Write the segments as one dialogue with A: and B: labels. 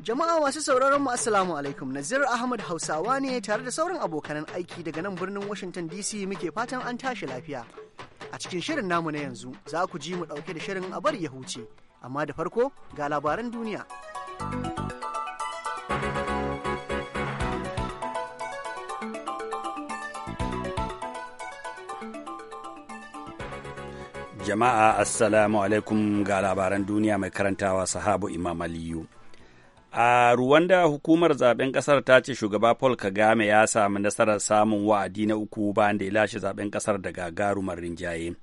A: Jama'a masu sauraron mu Assalamu alaikum Nazir Ahmad Hausawa ne tare da sauran abokanan aiki daga nan birnin Washington DC muke fatan an tashi lafiya. A cikin shirin namu na yanzu za ku ji mu ɗauke da shirin a bar ya huce, amma da farko ga labaran duniya.
B: Jama'a Assalamu alaikum ga labaran duniya mai karantawa sahabu Imam Aliyu. A Ruwanda hukumar zaben kasar ta ce shugaba Paul Kagame ya sami nasarar samun wa'adi na uku bayan da ya lashe zaben kasar da gagarumar rinjaye.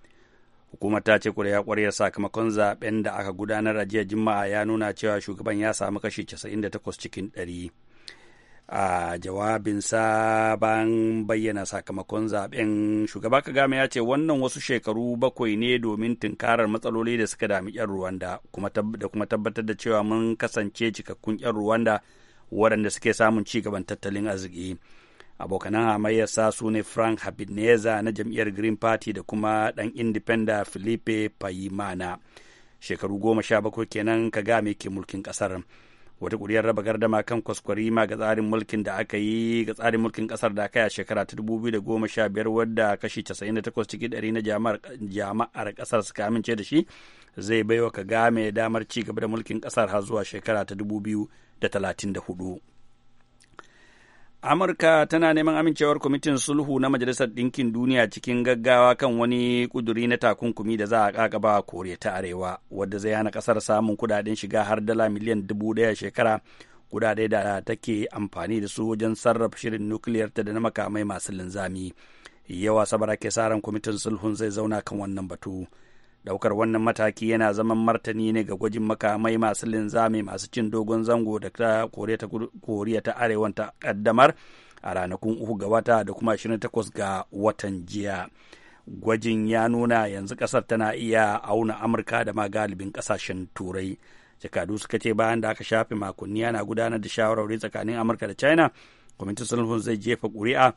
B: Hukumar ta ce ya kwaryar sakamakon zaben da aka gudanar a jiya Juma'a ya nuna cewa shugaban ya sami kashi 98 cikin 100. a jawabinsa bayan bayyana sakamakon zaben shugaba kagame ya ce wannan wasu shekaru bakwai ne domin tunkarar matsaloli da suka dami 'yan ruwanda da kuma tabbatar da cewa mun kasance cikakkun 'yan ruwanda waɗanda suke samun ci gaban tattalin arziki abokanan hamayyarsa su ne frank habineza na jam'iyyar green party da kuma ɗan indipenda filipe payimana shekaru goma sha bakwai kenan kagame ke mulkin ƙasar. wata kuriyar raba gardama kan kwaskwarima ga tsarin mulkin da aka yi ga tsarin mulkin kasar da aka yi a shekara ta dubu biyu da goma sha biyar wadda kashi da takwas cikin ɗari na jama'ar kasar suka amince da shi zai baiwa kagame damar ci gaba da mulkin kasar har zuwa shekara ta dubu biyu da da hudu Amurka tana neman amincewar kwamitin sulhu na Majalisar Ɗinkin Duniya cikin gaggawa kan wani ƙuduri na takunkumi da za a ƙaƙaba Koriya ta Arewa, wadda zai hana ƙasar samun kudaden shiga har dala miliyan dubu ɗaya shekara, kudade da take amfani da su wajen sarrafa shirin nukiliyar ta da na makamai masu linzami. Yawa sabara ke sa kwamitin sulhun zai zauna kan wannan batu. Daukar wannan mataki yana zaman martani ne ga gwajin makamai masu linzami masu cin dogon zango da ta Koriya ta Arewan ta kaddamar a ranakun uku ga wata da kuma 28 ga watan jiya. Gwajin ya nuna yanzu kasar tana iya auna Amurka da ma galibin ƙasashen Turai. jakadu suka ce bayan da aka shafe makonni ana gudanar da shawarwari tsakanin amurka da china kwamitin sulhun zai jefa ƙuri'a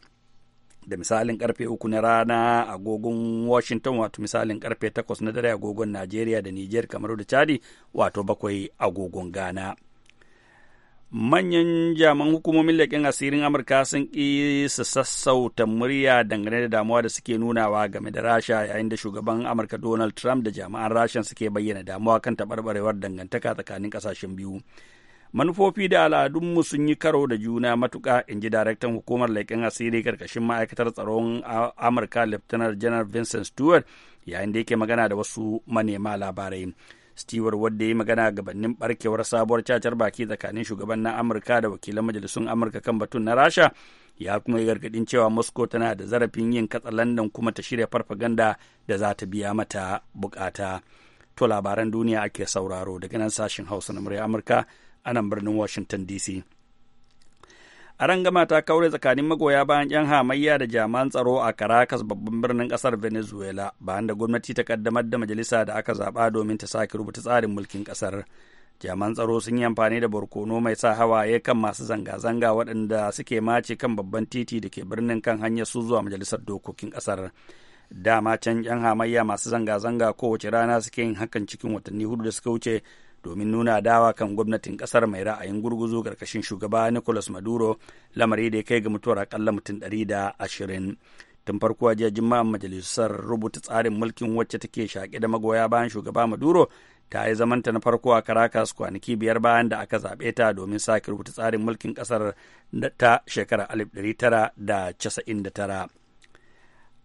B: da misalin karfe uku na rana agogon washington wato misalin karfe takwas na dare agogon najeriya da niger kamar da chadi wato bakwai agogon ghana manyan jaman hukumomin leƙen asirin amurka sun ƙi su sassauta murya dangane da damuwa da suke nunawa game da rasha yayin da shugaban amurka donald trump da jami'an rasha suke bayyana damuwa kan taɓarɓarewar dangantaka tsakanin ƙasashen biyu manufofi da al'adunmu sun yi karo da juna matuka in ji daraktan hukumar leƙen asiri karkashin ma'aikatar tsaron amurka lieutenant general vincent stewart yayin da yake magana da wasu manema labarai stewart wadda ya yi magana gabanin barkewar sabuwar cacar baki tsakanin shugaban na amurka da wakilan majalisun amurka kan batun na rasha ya kuma yi gargadin cewa moscow tana da zarafin yin katsa katsalandan kuma ta shirya farfaganda da za ta biya mata bukata to labaran duniya ake sauraro daga nan sashen hausa na murya amurka a nan birnin washington dc a rangama ta kaure tsakanin magoya bayan 'yan hamayya da jaman tsaro a caracas babban birnin kasar venezuela bayan da gwamnati ta kaddamar da majalisa da aka zaɓa domin ta sake rubuta tsarin mulkin ƙasar jaman tsaro sun yi amfani da barkono mai sa hawaye kan masu zanga-zanga waɗanda suke mace kan babban titi da ke birnin kan hanyar su zuwa majalisar dokokin ƙasar dama can 'yan hamayya masu zanga-zanga kowace rana suke yin hakan cikin watanni hudu da suka wuce domin nuna dawa kan gwamnatin kasar mai ra'ayin gurguzu karkashin shugaba Nicolas Maduro lamari da ya kai ga mutuwar akalla mutum ɗari da ashirin. Tun farko a jiya jima'an majalisar rubuta tsarin mulkin wacce take shaƙe da magoya bayan shugaba Maduro ta yi zamanta na farko a Caracas kwanaki biyar bayan da aka zaɓe ta domin sake rubuta tsarin mulkin ƙasar ta shekarar tara.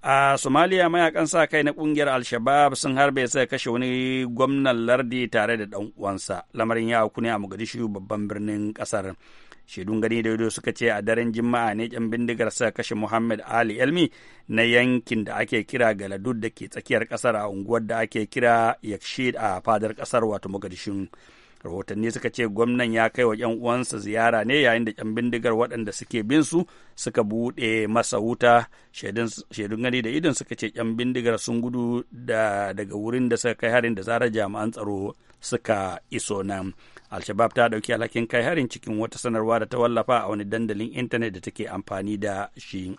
B: A Somalia mayakan sa kai na kungiyar al shabab sun harbe sai kashe wani gwamnan lardi tare da ɗan uwansa. Lamarin ya auku ne a Mogadishu babban birnin kasar Shaidun gani da yado suka ce a daren Juma'a ne ƴan bindigar sa kashe Muhammad Ali Elmi na yankin da ake kira Galadud da ke tsakiyar kasar a unguwar da ake kira Yakshid a fadar kasar wato Mogadishu. rahotanni suka ce gwamnan ya kai wa 'yan uwansa ziyara ne yayin da 'yan bindigar waɗanda suke bin su suka buɗe masa wuta shaidun gani da idon suka ce 'yan bindigar sun gudu daga wurin da suka kai harin da zarar jami'an tsaro suka iso nan alshabab ta ɗauki alhakin kai harin cikin wata sanarwa da ta wallafa a wani dandalin intanet da take amfani da shi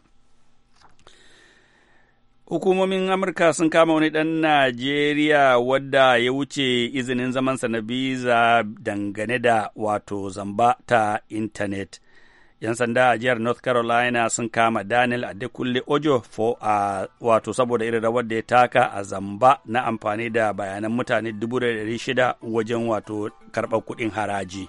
B: Hukumomin Amurka sun kama wani ɗan Najeriya wadda ya wuce izinin zamansa na biza dangane da wato zamba ta intanet. 'Yan sanda a jihar North Carolina sun kama Daniel Adekunle Ojo fo a wato saboda irin rawar da ya taka a zamba na amfani da bayanan mutane dubu da shida wajen wato karɓar kuɗin haraji.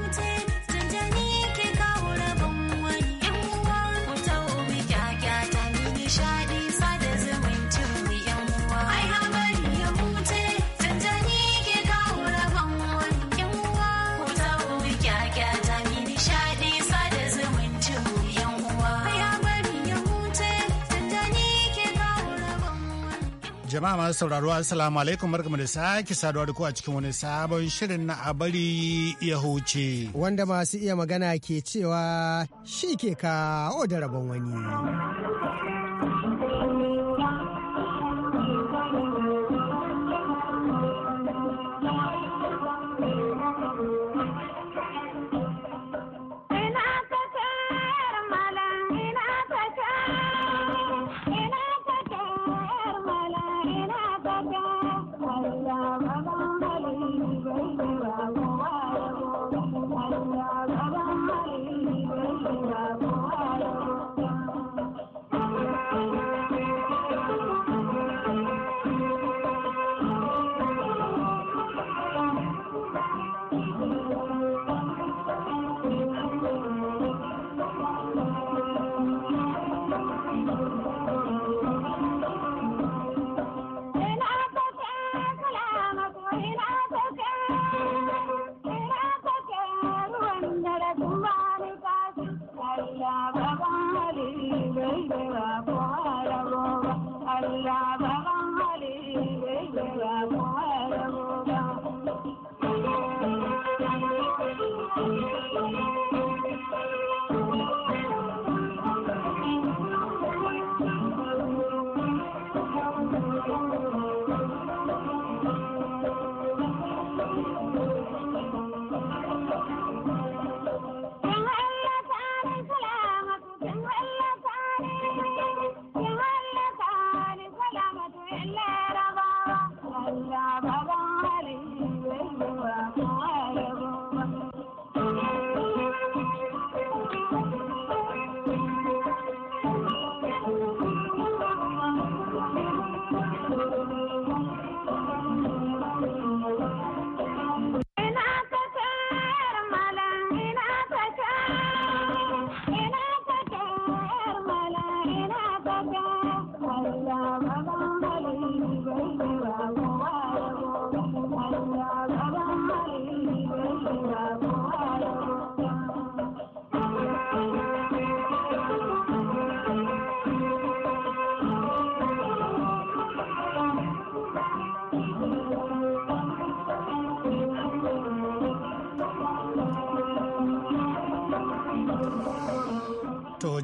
C: Jama'a masu sauraro Assalamu alaikum barkamu da sake saduwa da ku a cikin wani sabon shirin na abari ya huce.
D: Wanda masu iya magana ke cewa shi ke kawo da rabon wani.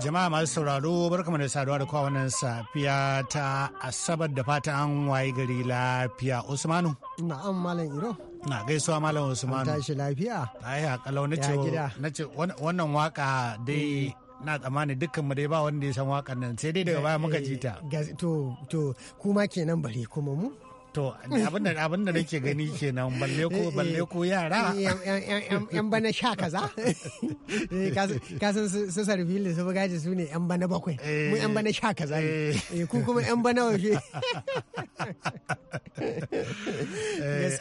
C: Jama'a masu sauraro barkamu da saduwa da kowa safiya ta Asabar da fata an waye gari lafiya Usmanu. Na'am Malam Iro. Na gaisuwa Malam Usmanu. Tashi lafiya. Ai akalau na ce wannan waka dai eh. na tsammani dukkan mu dai ba wanda ya san wakan nan sai dai daga baya muka ji ta. Eh, to to kuma kenan bare kuma mu. to abin da abin da nake gani kenan balle ko eh, eh, balle ko yara
D: eh, yan bana sha kaza Kasan su sarfili da su bagaji su ne yan bana bakwai mu yan bana sha kaza ne ku kuma yan bana waje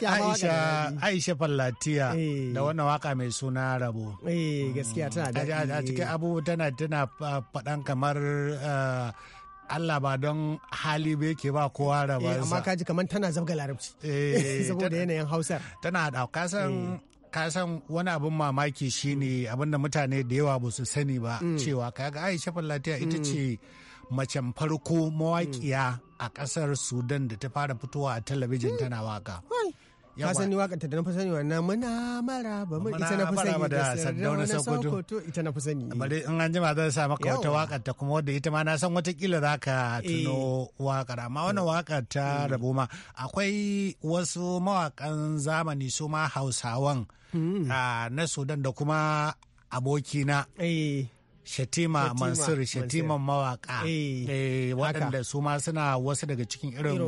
C: Aisha Aisha Fallatiya da wannan waka mai suna rabo eh gaskiya tana da a cikin abubuwa tana tana faɗan kamar Allah ba don hali ba yake ba kowa da eh, ba amma
D: kaji kamar tana zabga larabci
C: eh, saboda yanayin hausar tana da kasan eh. kasan wani abin mamaki shine mm. abinda mutane da yawa ba su sani ba mm. cewa kaga Aisha Fallatiya ita mm. ce macen farko mawaƙiya a ƙasar Sudan da ta fara fitowa a talabijin tana waka ka sani wakar ta da na fi sani wannan muna
D: ba mu ita na fi sani da sardauna sokoto
C: ita na fi sani bari in an jima zan sa maka wata wakar ta kuma wadda ita ma na san watakila za ka eh. tuno wakar amma wannan eh. wakar ta mm. rabo ma akwai wasu mawakan zamani su ma hausawan mm. ah, na sudan da kuma abokina eh. Shatima Mansur Shatima mawaka eh, eh, waɗanda su ma suna wasu daga cikin irin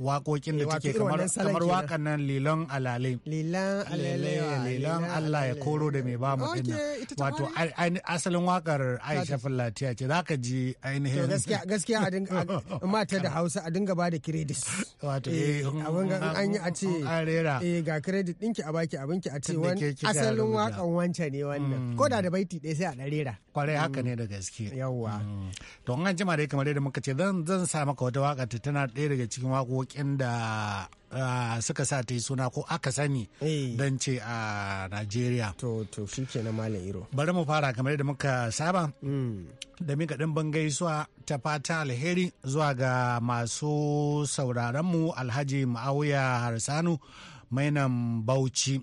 C: waƙoƙin da eh, take kamar kamar waƙan nan lilan alale lilan Allah ya koro da mai ba mu dinnan wato asalin waƙar Aisha Fallatiya ce zaka ji ainihin gaskiya
D: gaskiya a mata da Hausa a dinga bada credit
C: wato eh abin an yi a ce eh
D: ga credit ɗinki a baki abinki a ce asalin waƙan wancan ne wannan mm. ko da da baiti ɗaya sai a ɗari. lera.
C: kwarai haka ne da gaske yawwa mm. to an jima dai kamar yadda muka ce zan sa maka wata waka ta tana ɗaya daga cikin wakokin da ah, suka sa ta yi suna ko aka sani eh. dan ce a Najeriya to to shikenan malam Iro bari mu fara kamar yadda muka saba mm. da mika ɗin ban gaisuwa ta fata alheri zuwa ga masu sauraron mu Alhaji Ma'auya Harsanu mainan Bauchi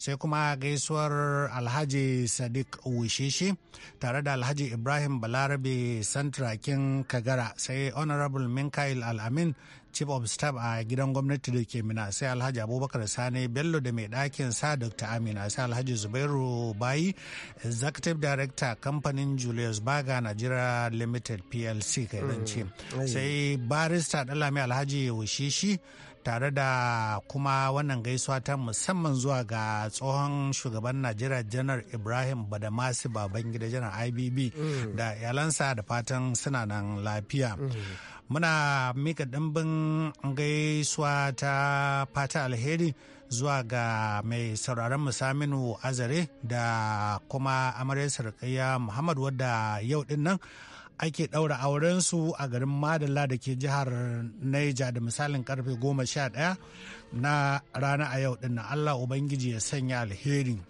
C: sai kuma gaisuwar alhaji sadiq wisheshe tare da alhaji ibrahim balarabe santrakin kagara sai honorable minkail al'amin chief of staff a gidan gwamnati da ke mina sai alhaji abubakar sani bello da mai ɗakin sa dr amina sai alhaji zubairu bayi executive director kamfanin julius baga nigeria limited plc kai zance mm. sai barista dalami alhaji wushishi tare da kuma wannan gaisuwa ta musamman zuwa ga tsohon shugaban najeriya janar ibrahim badamasi baban gida janar ibb mm. da yalansa da fatan suna nan lafiya mm. muna mika ɗimbin gaisuwa ta fata alheri zuwa ga mai sauraron musaminu azare da kuma amaryar sarkaya muhammad wadda yau din nan ake ɗaura aurensu a garin Madala da ke jihar Naija da misalin karfe goma sha ɗaya na rana a yau ɗin Allah Ubangiji ya sanya alheri.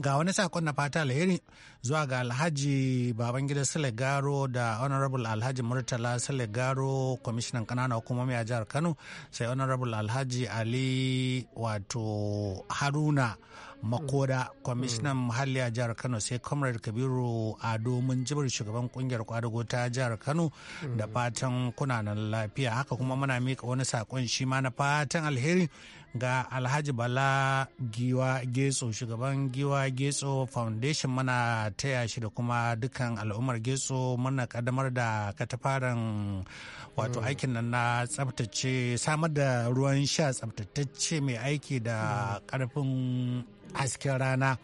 C: Ga wani sakon na fata alheri zuwa ga Alhaji Babangida salegaro da Honorable Alhaji Murtala salegaro kwamishinan kanana hukumomi a jihar Kano sai Honorable Alhaji Ali wato Haruna. makoda kwamishinan mm. muhalli a jihar kano sai comrade kabiru a domin jibir shugaban kungiyar kwadago ta jihar kano da mm. fatan kunanan lafiya haka kuma muna mika wani sakon shi ma na fatan alheri ga alhaji bala giwa getso shugaban giwa getso foundation mana taya shi da kuma dukkan al'ummar getso muna kadamar da katafaren wato mm. aikin nan na tsabtace samar da ruwan sha tsabtatacce mai aiki da karfin hasken rana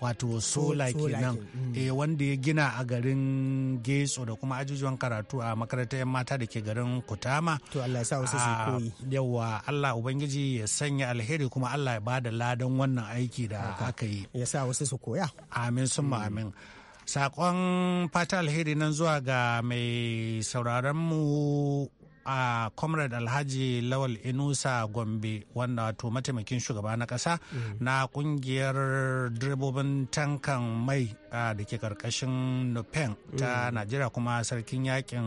C: wato sola kenan mm. eh, wanda ya gina a garin Getso da kuma ajujuwan karatu a makarantar yan mata da ke garin Kutama to Allah ya sa wasu ah, koyi yawa Allah ubangiji ya sanya alheri kuma Allah ya bada ladan wannan aiki da aka yi ya sa wasu su koya amin summa mm. amin sakon fata alheri nan zuwa ga mai sauraron mu a comrade alhaji lawal inusa gombe wanda wato mataimakin shugaba na kasa na kungiyar direbobin tankan mai uh, da ke karkashin nupen ta mm. najeriya kuma sarkin yakin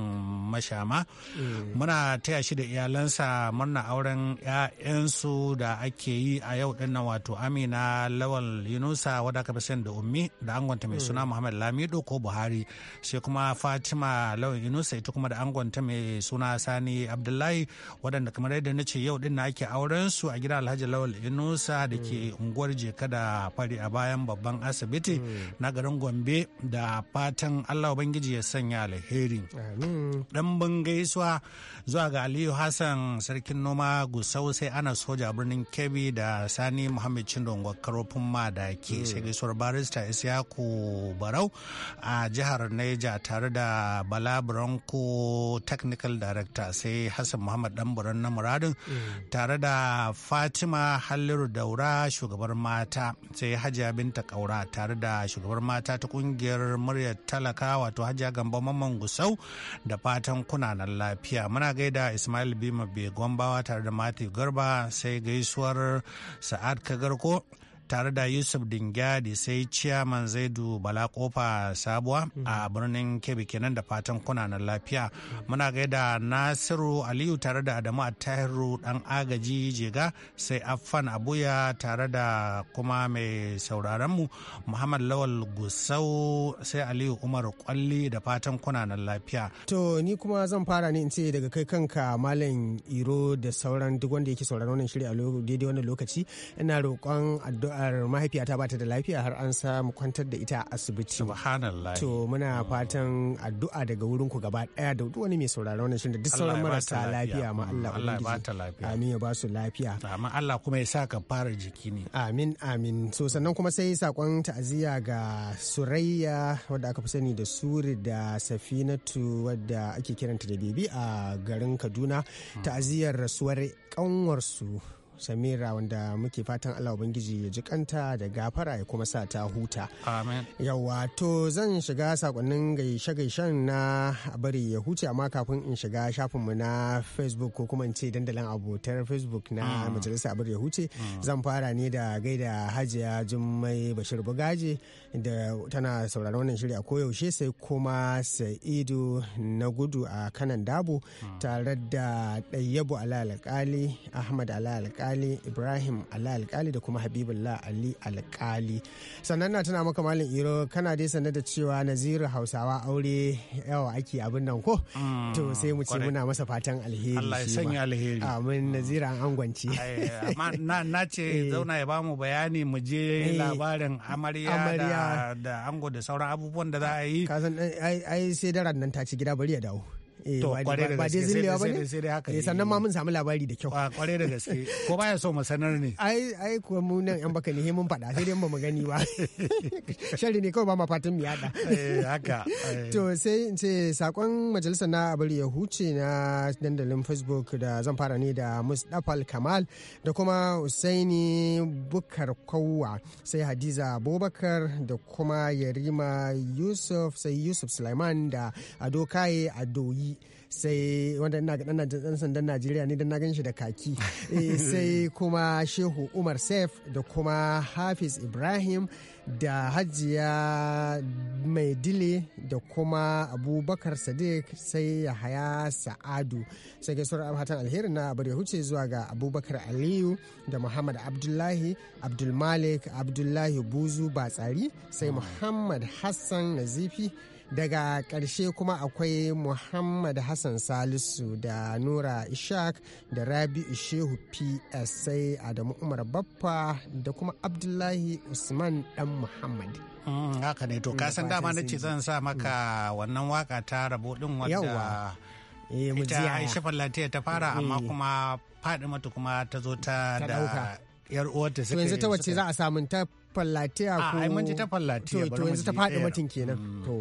C: mashama mm. muna taya shi da iyalansa murna auren 'ya'yansu da ake yi a yau din nan wato amina lawal inusa wadda aka fi da ummi da angonta mai mm. suna muhammad lamido ko buhari sai kuma fatima lawal inusa ita kuma da angonta mai suna sani Sani abdullahi waɗanda kamar yadda na ce yau din na ake auren su a gidan alhaji lawal inusa da ke mm. unguwar jeka da fari a bayan babban asibiti mm. na garin gombe da fatan allah ubangiji ya sanya alheri dan bin gaisuwa zuwa ga aliyu hassan sarkin noma gusau sai ana soja birnin kebbi da sani muhammad chindongo karofin ke sai mm. gaisuwar barista isyaku barau a jihar Niger tare da bala bronco technical director sai Hassan Muhammad Ɗanburan na muradin mm. tare da Fatima Halliru Daura shugabar mata sai Hajiya Binta Kaura tare da shugabar mata ta kungiyar muryar talaka wato Hajiya Gambo Mamman Gusau da fatan kunanan lafiya. Muna gaida Ismail Bima Bawa tare da Matthew Garba sai gaisuwar Sa'ad Kagarko tare da yusuf dingadi sai ciyaman zaidu bala kofa sabuwa a mhm. birnin kebe kenan da fatan kunanan lafiya muna gaida nasiru aliyu tare da adamu a tahiru dan agaji jega sai affan abuya tare da kuma mai sauraronmu muhammad lawal gusau sai aliyu umar kwalli da fatan kunanan lafiya
D: to ni kuma zan fara ne in ce daga kai kanka malam iro da sauran duk wanda yake sauraron wannan shiri a daidai wannan lokaci ina roƙon addu'a addu'ar mahaifiyata ba ta da lafiya har an samu kwantar da ita a asibiti
C: subhanallah to
D: muna fatan addu'a daga wurin ku gaba daya da duk wani mai sauraron nan shirin da duk sauran marasa lafiya ma Allah ya ba ta lafiya amin ya ba su lafiya
C: amma Allah kuma ya sa ka fara jiki ne amin amin
D: so sannan kuma sai sakon ta'aziyya ga Surayya wadda aka fi sani da Suri da Safinatu wadda ake kiranta da Bibi a garin Kaduna hmm. ta'aziyyar rasuwar kanwarsu samira wanda muke fatan allah ubangiji ya ji kanta da gafara ya kuma sa ta huta yawa to zan shiga sakonnin gaishe-gaishen na bari ya huce amma kafin in shiga shafinmu na facebook ko kuma in ce dandalin abotar facebook na mm. majalisa bari ya huce mm. zan fara ne da gaida hajiya jummai bashir bugaje da tana sauraron wannan shirya a koyaushe sai kuma sa'idu na gudu a kanan dabu. Hmm. tare da ɗayyabu alƙali ahmad alƙali ibrahim alƙali da kuma habibullah ali alƙali sannan na tana maka malin iro kana dai sanar da cewa naziru hausawa aure yawa ake abin nan ko
C: hmm, to sai mu ce muna
D: masa fatan alheri Allah ya sanya alheri amin hmm. naziru an angwanci
C: na ce eh. zauna ya bamu bayani mu je eh. labarin amarya Ah. da ango da sauran abubuwan da za a yi kasan ai
D: sai daren nan ta ci gida bari ya
C: dawo Eh, ba dai zillewa ba eh,
D: ne sannan ma mun samu
C: labari da kyau kwarai da gaske ko baya so masanar ne ai
D: ai kuwa mu nan yan baka ne mun faɗa sai dai ba mu gani ba shari ne kawai ba ma fatan mu yada
C: eh, haka
D: to sai in ce sakon majalisar na abari ya na dandalin facebook da zan fara ne da musdafal kamal da kuma husaini bukar kowa sai hadiza abubakar da kuma yarima yusuf sai yusuf sulaiman da ado kaye adoyi sai wanda ina ga dan sandan Najeriya ne dan na ganshi da kaki eh, sai kuma Shehu Umar Saif da kuma Hafiz Ibrahim da Hajiya Maidile da kuma Abubakar Sadiq sai Yahaya Sa'adu sai gaisuwar abhatan alheri na bari huce zuwa ga Abubakar Aliyu da Muhammad Abdullahi Abdulmalik Abdullahi Buzu Batsari sai ah. Muhammad Hassan Nazifi daga ƙarshe kuma akwai muhammad hassan salisu da nura ishaq da rabi'u shehu psa sai adamu umar baffa da kuma abdullahi usman dan muhammad mm, haka ne to kasan dama na ce zan sa maka
C: mm. wannan waka ta rabo din wadda eh, ita aisha fallatiya ta fara eh. amma kuma faɗi mata kuma ta zo ta da yar uwarta yanzu ta wacce
D: za a samun ta fallatiya ko a ai mun ji ta fallatiya ba to yanzu ta faɗi matin kenan mm. to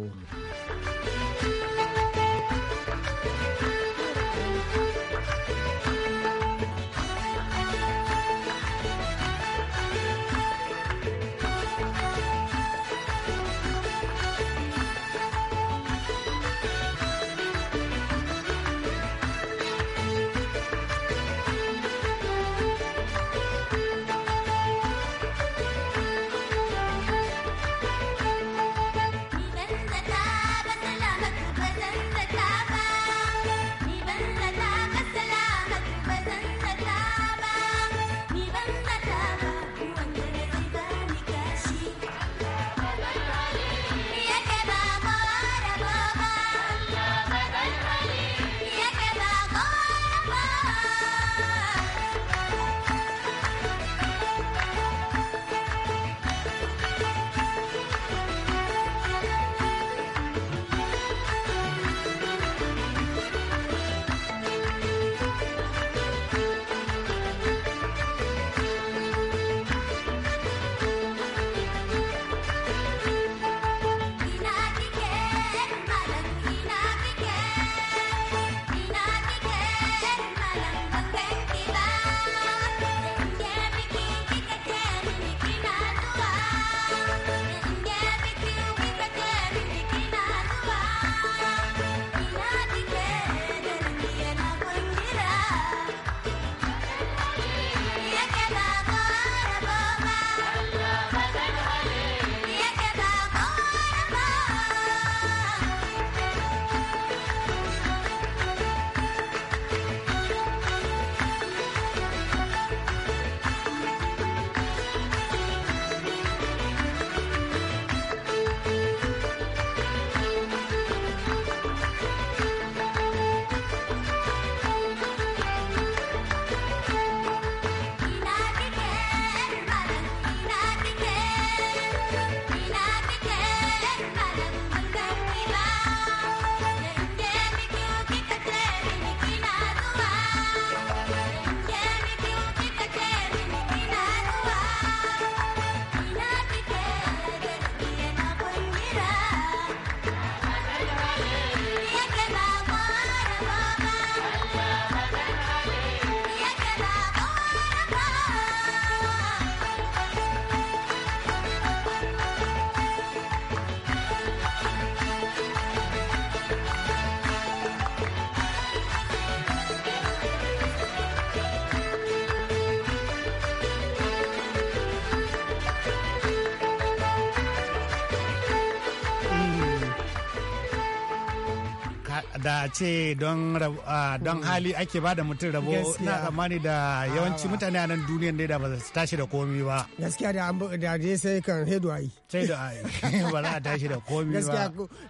C: da ce don hmm. hali ake ba da mutum rabo na tsammani da yawanci ah. mutane a nan duniyan da ba su tashi da komi ba gaskiya da an da je sai kan hedu ayi sai da ayi ba za a tashi da komi ba gaskiya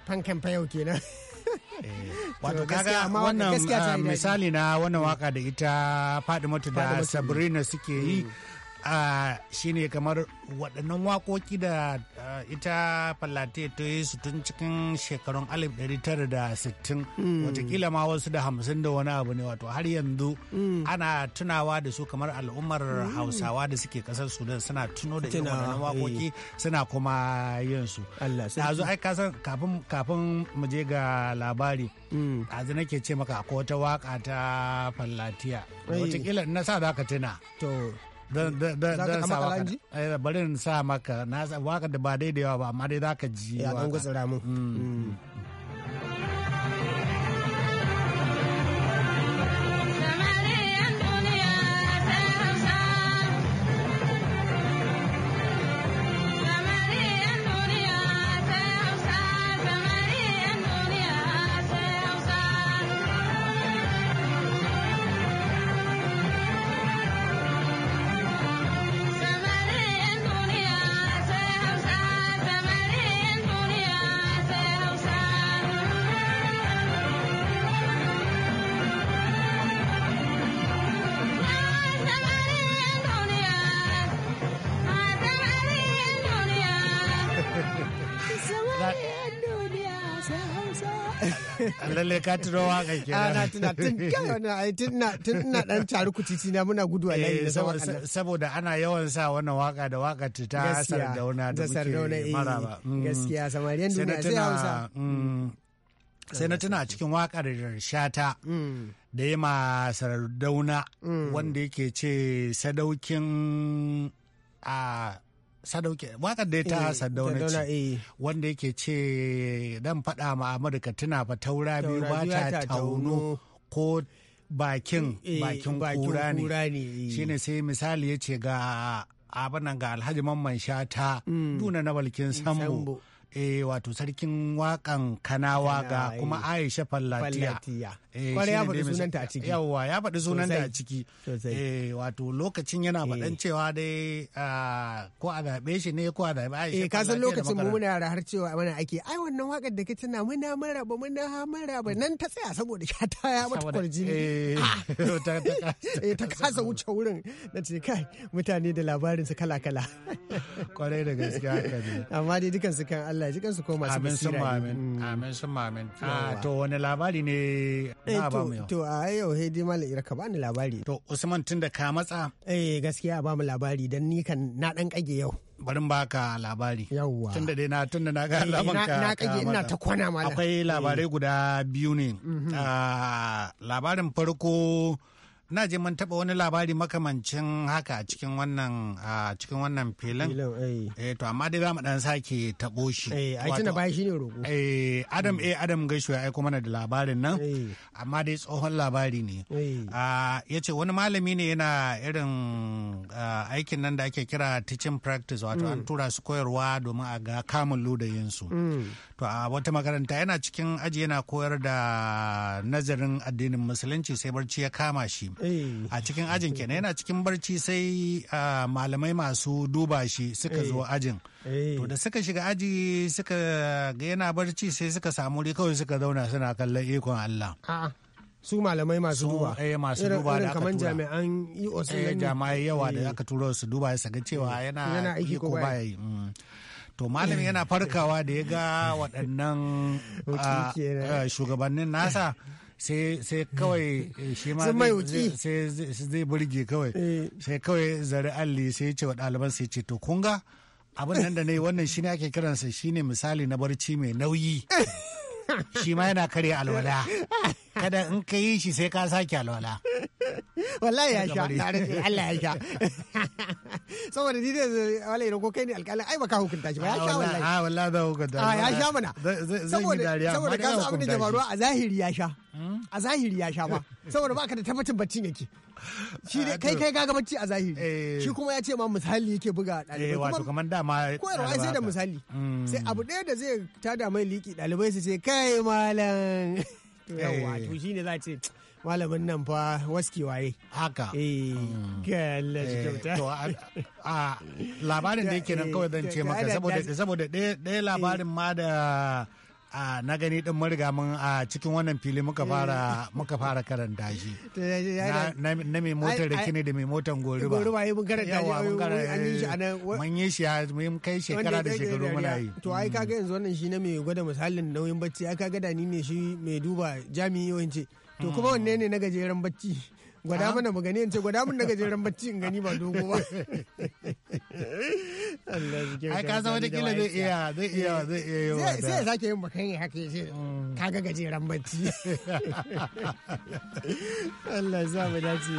D: fankan fayau kenan
C: eh, wato kaga wannan ah, misali na wannan waka da ita mutu da sabrina suke yi hmm. shine kamar waɗannan waƙoƙi da ita fallate ta yi su tun cikin shekarun 1960 hmm. watakila ma wasu da hamsin da wani abu ne wato har yanzu hmm. ana tunawa da su kamar al'ummar hmm. hausawa da suke ƙasar sudan suna tuno da irin waɗannan eh. waƙoƙi suna kuma yin su ɗazu ai kasan kafin mu je ga labari ɗazu nake ce maka akwai wata waƙa ta fallatiya watakila na sa za ka tuna to Eh, bari in sa maka waka da ba daidaiwa ba amma dai zaka ji ya dan gutsura mun mm. mm. lalle ka tuno waka ah, tuna
D: dan taru
C: na muna gudu a layi eh, saboda ana yawan sa wannan waka da waka ta asar da muke eh, ba. Mm. gaskiya samariyan duniya sai hausa mm. Mm. sai na tuna cikin wakar shata da ya ma sardauna wanda yake ce sadaukin a ah, sadauke wakar da ta eh, na ce eh. wanda yake ce dan faɗa ma Amadu ka tuna fa taura biyu ba ta tauno ko eh, bakin bakin kura ne shine sai misali ya ce ga abinan ga alhaji mamman shata mm. duna na balkin sambo eh wato sarkin wakan kanawa ga kuma aisha fallatiya eh, kwarai ya faɗi sunanta a ciki yawwa ya faɗi sunanta a ciki eh, wato lokacin yana eh. faɗan cewa dai ah, ko a zaɓe shi ne ko a zaɓe aisha fallatiya ka lokacin mu muna
D: har cewa mana ake ai wannan wakar da kace na muna maraba muna maraba nan ta tsaya saboda ya ta ya mata kwarjini ah. ta kasa wuce wurin na ce kai mutane da labarin su kala kala
C: kwarai da gaskiya
D: amma dai dukan su kan Allah Allah ya ji kansu koma su Amin sun
C: amin sun mm. amin. Ah, to
D: wani labari ne na eh, ba mu yau. To a yau hedi mallam ira ka bani labari. To
C: Usman tun da ka matsa. Eh gaskiya ba mu labari dan ni kan na dan kage yau. barin baka labari yawwa tunda dai na tunda na ga eh, labarin ka na kage ina ta kwana mallam akwai labarai eh. guda biyu ne mm-hmm. ah, labarin farko na je mun taba wani labari makamancin haka a cikin wannan cikin wannan filin eh. eh to amma dai za mu dan sake taɓo shi eh ai tuna bai ne roko eh Adam mm. eh Adam gaisho ya aiko mana da labarin nan eh. amma dai tsohon labari ne eh. a ah, yace wani malami ne yana irin ah, aikin nan da ake kira teaching practice wato an mm. tura su koyarwa domin a ga kamun ludayin su mm. to a wata makaranta yana cikin aji yana koyar da nazarin addinin musulunci sai barci ya kama shi Eh. a cikin ajin kenan yana cikin barci sai ah, malamai masu duba shi suka eh. zo ajin eh. to da suka shiga aji suka ga yana barci sai suka samu kawai suka zauna suna kallon ikon Allah su malamai masu duba eh masu duba da kaman jami'an EOS ne jami'ai yawa da aka turo su duba su ga cewa yana aiki ko baya. yi mm. to malam yana farkawa da ya ga waɗannan ah, ah, shugabannin nasa sai kawai shi ma sai zai burge kawai eh. sai kawai zari alli sai ya ce wa ɗaliban sai ce to kunga abin nan da ne wannan shi ne ake kiransa shi ne misali na barci mai nauyi shi ma yana karya alwala kada in ka yi shi sai ka sake alwala wallahi ya sha Allah ya sha
D: saboda ni da wala ko kai ne alƙalin ai baka hukunta shi ba ya sha ah, wallahi a
C: wallahi da ah, hukunta ah, ya sha mana saboda saboda ka san abin da jama'a a
D: zahiri ya sha a zahiri ya sha ba saboda baka da tabbacin baccin yake shi dai ah, kai kai kaga bacci a zahiri eh. shi kuma ya ce ma misali yake buga eh, ɗalibai wato kamar dama koyarwa sai da misali hmm. sai abu ɗaya da zai tada mai liki dalibai su ce kai malam to yawa eh. to shine za ce malamin nan fa waski waye haka
C: eh hmm. kyauta to a labarin da yake nan kawai zan ce maka saboda saboda ɗaya labarin ma da na gani din mariga mun a cikin wannan fili muka fara muka fara karanta shi na mai motar da kine da mai motar goruba goruba yi mun karanta shi eh, mun yi shi mun
D: kai shekara da shekaru muna yi to ai kaga mm. yanzu wannan shi na mai gwada misalin nauyin bacci ai kaga da ni ne shi mai duba jami'i yawanci to kuma mm. wanne ne na gajeren bacci gwada mana mu gani ce gwada mun daga jiran bacci in gani ba dogo ba ai ka san wata kila zai iya
C: zai iya zai iya yi wa sai ya
D: sake yin bakan ya haka yace mm. ka ga gajeren bacci
C: Allah ya sa mu dace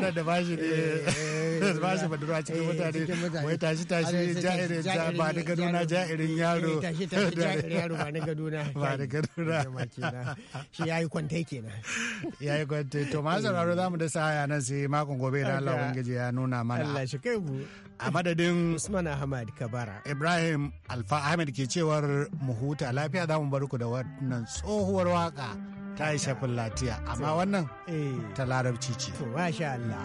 C: yaran da bashi bashi badura cikin mutane wai tashi tashi ja'irin ta ba da na ja'irin eh, yaro tashi tashi ja'irin yaro ba na gadona ba da gadona shi yayi Ya kenan yayi kwantai to ma sauraro zamu da sa haya nan sai makon gobe da Allah ubangiji ya nuna mana Allah shi kai mu a madadin Usman Ahmad Kabara Ibrahim Alfa Ahmed ke cewar mu huta lafiya zamu bar ku da wannan tsohuwar waka ta yi shafin latiya amma wannan eh. ta larabci ce. To, Allah.